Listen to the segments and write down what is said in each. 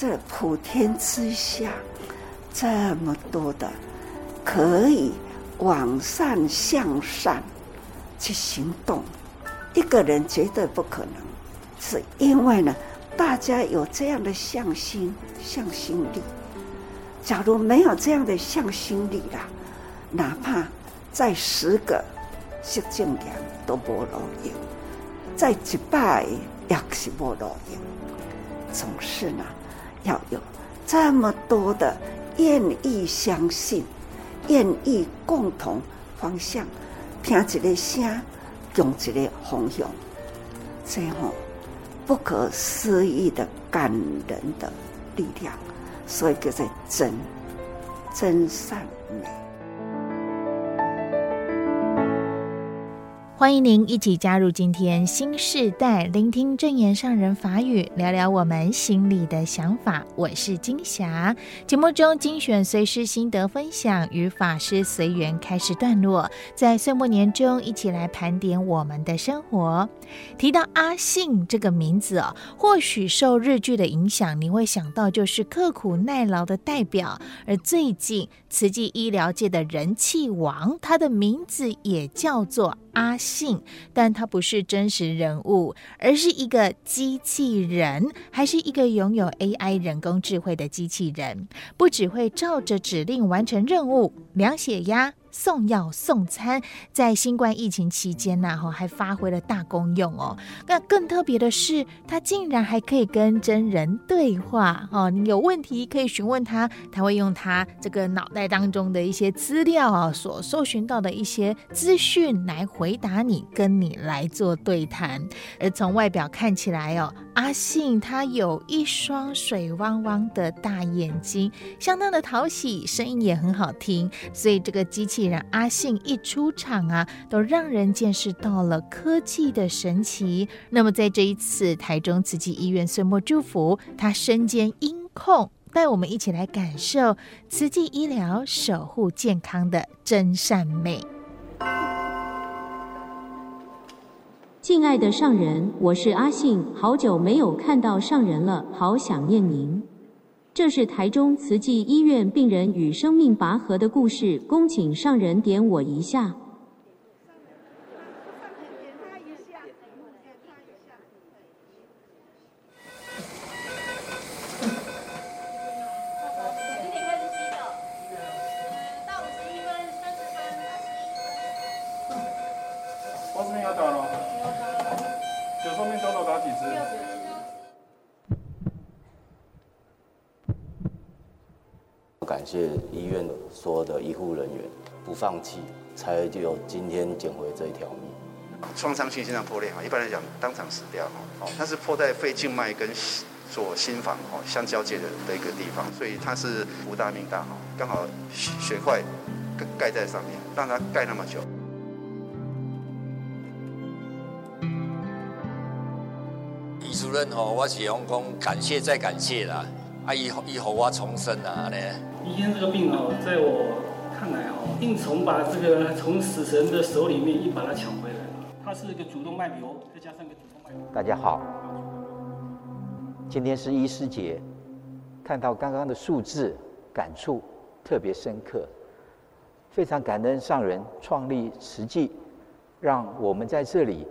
這普天之下這麼多的可以往上向善去行動，一個人絕對不可能。是因為呢，大家有這樣的向心向心力。假如沒有這樣的向心力啦，哪怕在十個十幾年都無落影，在幾百也是無落影，總是呢。要有這麼多的願意相信，願意共同方向，聽一個聲，用一個方向，這樣、哦、不可思議的感人的力量，所以就在真、真善美。歡迎您一起加入今天心示代聆聽證嚴上人法語，聊聊我們心裡的想法。我是金霞。節目中精選隨師心得分享與法師隨緣開示段落，在歲末年終一起來盤點我們的生活。提到阿信這個名字哦，或許受日劇的影響，你會想到就是刻苦耐勞的代表。而最近慈濟醫療界的人氣王，他的名字也叫做。阿信，但他不是真實人物，而是一個機器人，還是一個擁有 AI 人工智慧的機器人，不只會照着指令完成任務，量血壓。送藥送餐，在新冠疫情期間呢、啊，還發揮了大功用哦。那更特別的是，他竟然還可以跟真人對話哦。你有問題可以詢問他，他會用他這個腦袋當中的一些資料啊，所搜尋到的一些資訊來回答你，跟你來做對談。而從外表看起來哦，阿信他有一雙水汪汪的大眼睛，相當的討喜，聲音也很好聽，所以這個機器。既然阿信一出場啊，都讓人見識到了科技的神奇。那麼，在這一次台中慈濟醫院歲末祝福，他身兼音控，帶我們一起來感受慈濟醫療守護健康的真善美。敬愛的上人，我是阿信，好久沒有看到上人了，好想念您。這是台中慈濟醫院病人與生命拔河的故事，恭請上人點我一下。是醫院所有的醫護人員不放棄，才就有今天撿回這一條命。創傷性心臟破裂哈、啊，一般來講當場死掉哈，哦，它是破在肺靜脈跟左心房哦相交界的的一個地方，所以它是福大命大哈，哦、剛好血塊蓋在上面，讓它蓋那麼久。李主任哈，我只想講感謝，再感謝啦。啊，以後以後我重生啊。呢，今天這個病啊、哦，在我看來啊、哦，硬從把這個從死神的手裡面一把它搶回來了，它是一個主動脈瘤，再加上一個主動脈瘤。大家好，今天是醫師節，看到剛剛的數字，感觸特別深刻，非常感恩上人創立慈濟讓我們在這裡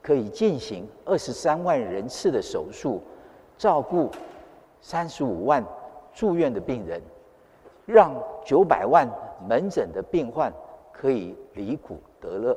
可以進行二十三萬人次的手術，照顧。三十五萬住院的病人，讓九百萬門診的病患，可以離苦得樂。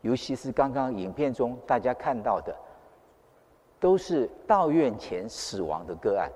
尤其是剛剛影片中大家看到的，都是到院前死亡的個案，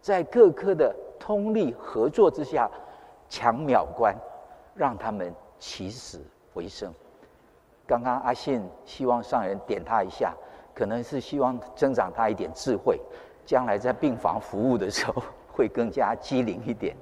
在各科的通力合作之下，搶秒關，讓他們起死回生。剛剛阿信希望上人點他一下，可能是希望增長他一點智慧。將來在病房服務的時候，會更加機靈一點。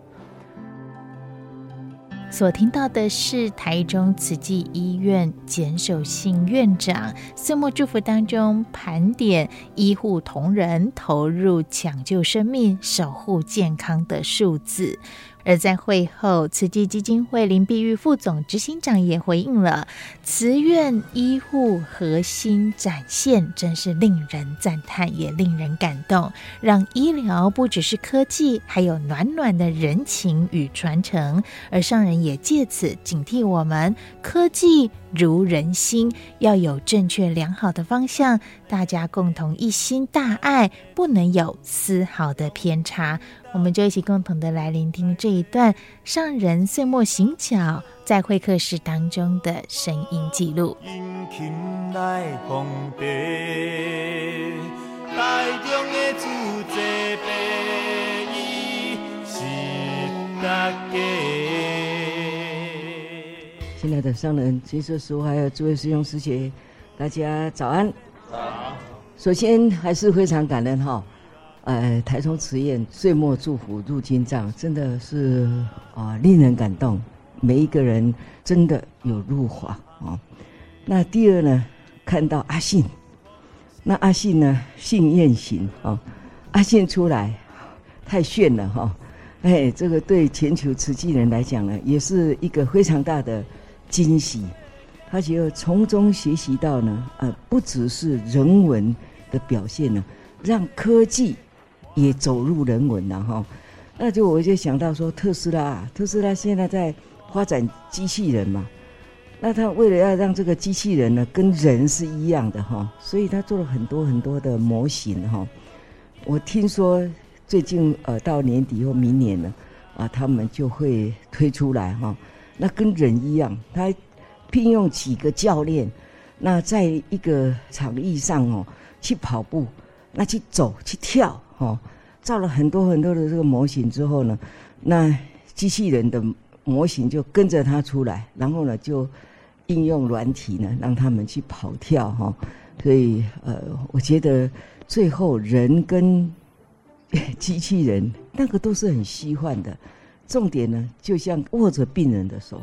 所聽到的是台中慈濟醫院簡守信院長歲末祝福當中盤點醫護同仁投入搶救生命、守護健康的數字。而在會後，慈濟基金會林碧玉副總執行長也回應了：“慈院醫護核心展現，真是令人讚嘆，也令人感動。讓醫療不只是科技，還有暖暖的人情與傳承。而上人也借此警惕我們：科技如人心，要有正確良好的方向，大家共同一心大愛，不能有絲毫的偏差。”我們就一起共同的來聆聽這一段上人歲末行腳，在會客室當中的聲音記錄。新來的上人、其收師傅還有諸位師兄師姐，大家早安。早啊。首先還是非常感恩哈。呃，台中慈院歲末祝福入經藏，真的是啊，令人感動。每一個人真的有入華啊、哦。那第二呢，看到阿信，那阿信呢，信願行啊、哦，阿信出來太炫了哈、哦。哎，這個對全球慈濟人來講呢，也是一個非常大的驚喜。他只要從中學習到呢，呃，不只是人文的表現呢，讓科技。也走入人文了哈、喔，那就我就想到說特斯拉、啊，特斯拉現在在發展機器人嘛，那他為了要讓這個機器人呢，跟人是一樣的哈、喔，所以他做了很多很多的模型哈、喔。我聽說最近呃到年底或明年呢，啊，他們就會推出來哈、喔。那跟人一樣，他還聘用幾個教練，那在一個場地上哦、喔，去跑步，那去走，去跳。哦，造了很多很多的這個模型之後呢，那機器人的模型就跟着它出來，然後呢就應用軟體呢，讓他們去跑跳哈、哦。所以呃，我覺得最後人跟機器人那個都是很虛幻的，重點呢就像握着病人的手，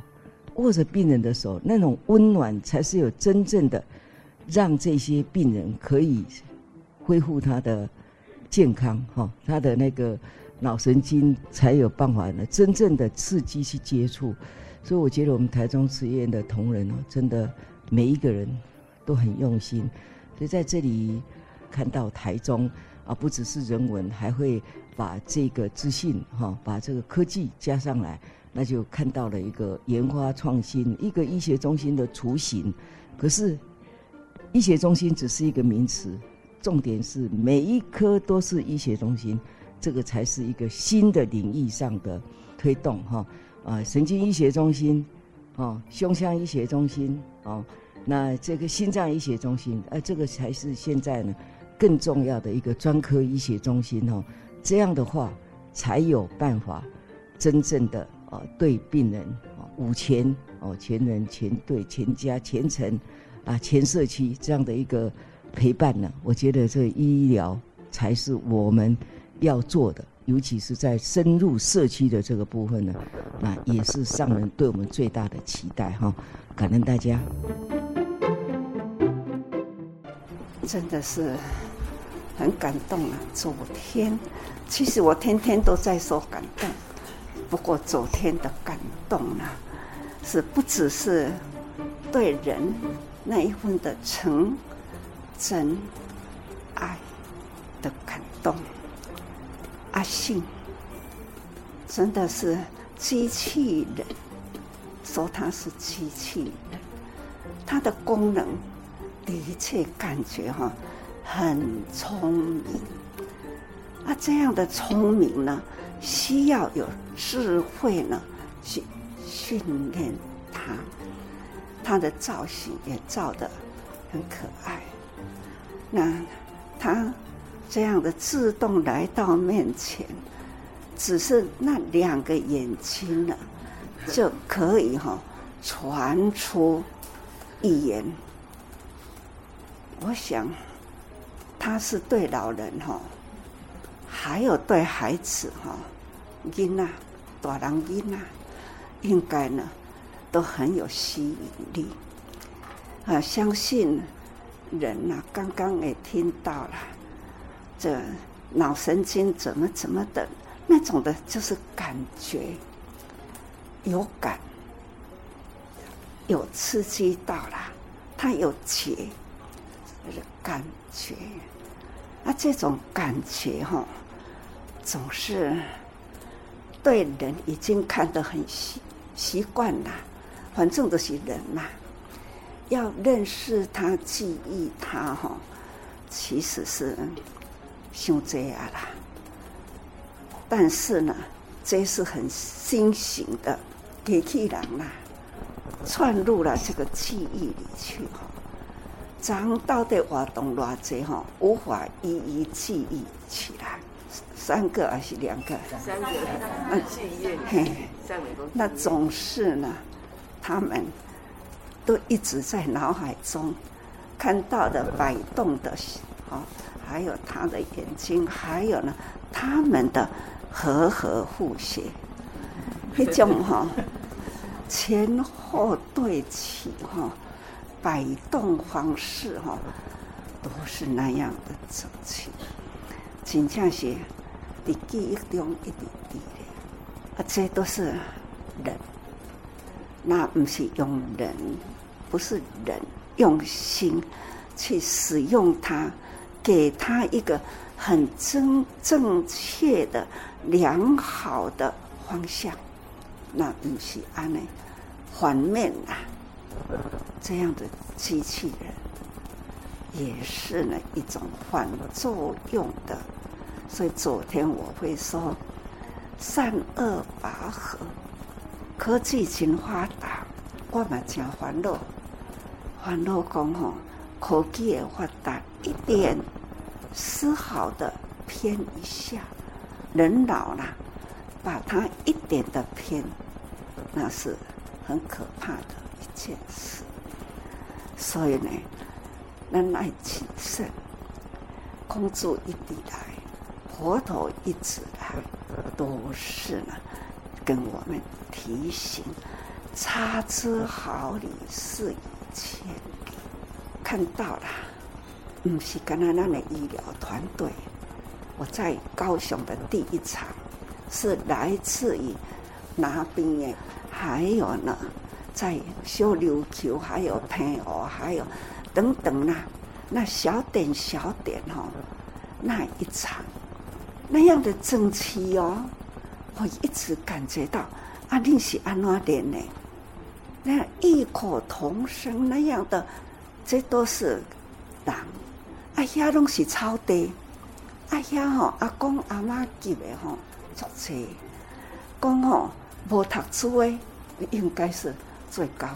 握着病人的手那種溫暖，才是有真正的讓這些病人可以恢復他的。健康哈，他的那個腦神經才有辦法呢，真正的刺激去接觸。所以我覺得我們台中慈院的同仁哦，真的每一個人都很用心。所以在這裡看到台中啊，不只是人文，還會把這個資訊哈，把這個科技加上來，那就看到了一個研發創新，一個醫學中心的雛形。可是醫學中心只是一個名詞。重點是每一科都是醫學中心，這個才是一個新的領域上的推動哈啊，神經醫學中心啊，胸腔醫學中心啊，那這個心臟醫學中心，啊，這個才是現在呢更重要的一個專科醫學中心哦，這樣的話才有辦法真正的啊對病人啊，五全，哦全人、全隊、全家、全程啊、全社區這樣的一個。陪伴呢？我覺得這醫療才是我們要做的，尤其是在深入社區的這個部分呢，那也是上人對我們最大的期待哈、哦。感恩大家，真的是很感動啊！昨天，其實我天天都在說感動，不過昨天的感動呢、啊，是不只是對人那一份的誠。真愛的感動，阿信真的是機器人，說他是機器人，他的功能的確感覺哈很聰明。啊，這樣的聰明呢，需要有智慧呢去訓訓練他，他的造型也造得很可愛。那他這樣的自動來到面前，只是那兩個眼睛呢，就可以哈、哦、傳出語言。我想，他是對老人哈、哦，還有對孩子哈、哦，囡吶、大人囡吶，應該呢都很有吸引力。啊，相信呢。人吶、啊，剛剛也聽到了，這腦神經怎麼怎麼的，那種的就是感覺有感，有刺激到了，他有覺，感覺，啊，這種感覺哈、哦，總是對人已經看得很習習慣了，反正都是人嘛、啊。要認識他、記憶他，吼，其實是，像這樣啦。但是呢，這是很新型的機器人吶，竄入了這個記憶裡去，長到的活動偌濟，吼，無法一一記憶起來，三個還是兩個？三個。那總是呢，他們。都一直在腦海中看到的擺動的，哦，還有他的眼睛，還有呢，他們的和合互協， 那種哈、哦，前後對齊哈、哦，擺動方式哈、哦，都是那樣的整齊。景象些的記憶中一點一點，啊，這都是。那不是用人，不是人用心去使用它，給它一個很正正確的、良好的方向。那不是安內反面啊，這樣的機器人也是呢一種反作用的。所以昨天我會說善惡拔河。科技真發達，我嘛真煩惱。煩惱講吼，科技的發達一點絲毫的偏一下，人老了，把它一點的偏，那是很可怕的一件事。所以呢，咱愛謹慎，工作一地來，活頭一直來，都是呢。跟我們提醒，差之毫釐，失以千里。看到了，不是剛才那的醫療團隊，我在高雄的第一場，是來自於哪邊呀？還有呢，在小琉球，還有澎湖，還有等等那那小點小點哈、哦，那一場，那樣的整齊哦。我一直感覺到，阿、啊、恁是安怎練的，那異口同聲那樣的，這都是人。阿遐攏是草地，阿遐吼阿公阿、啊、媽級、哦哦、的吼，坐車，講吼無讀書誒，應該是最高。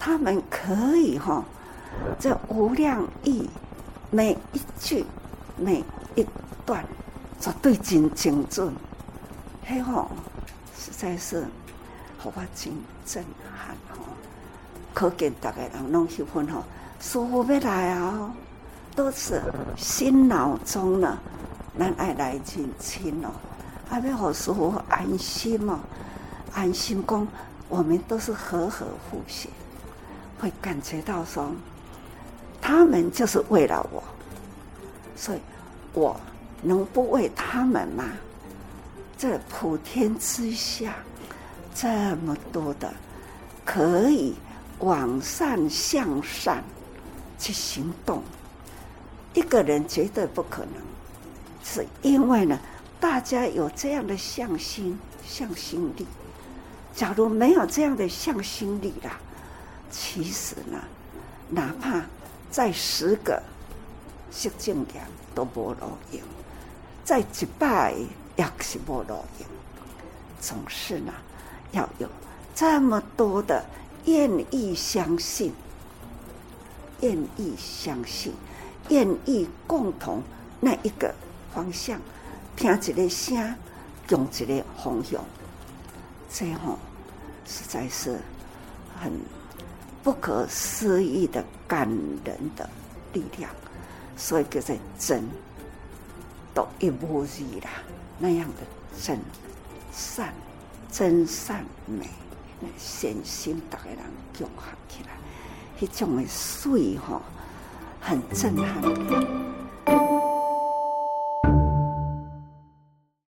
他們可以吼、哦，這無量義每一句每一段，絕對真精準。嘿吼、哦、實在是，好怕驚震撼哦，可見大家人攏喜歡哦。師父要來哦，都是心腦中呢，人愛來進親吼、哦，阿彌好舒服，安心嘛安心工，我們都是和和和諧，會感覺到說，他們就是為了我，所以我能不為他們嗎？在這普天之下，這麼多的可以往善向善去行動，一個人絕對不可能。是因為呢，大家有這樣的向心向心力。假如沒有這樣的向心力啦、啊，其實呢，哪怕再十個是幾年都不容易。在幾百。也是無路用，總是呢，要有這麼多的願意相信，願意相信，願意共同那一個方向，聽一個聲，用一個方向，最後、哦、實在是很不可思議的感人的力量，所以叫做真都一模一樣。那樣的真善真善美，那善心大家融合起來，那種的美，哦，很震撼。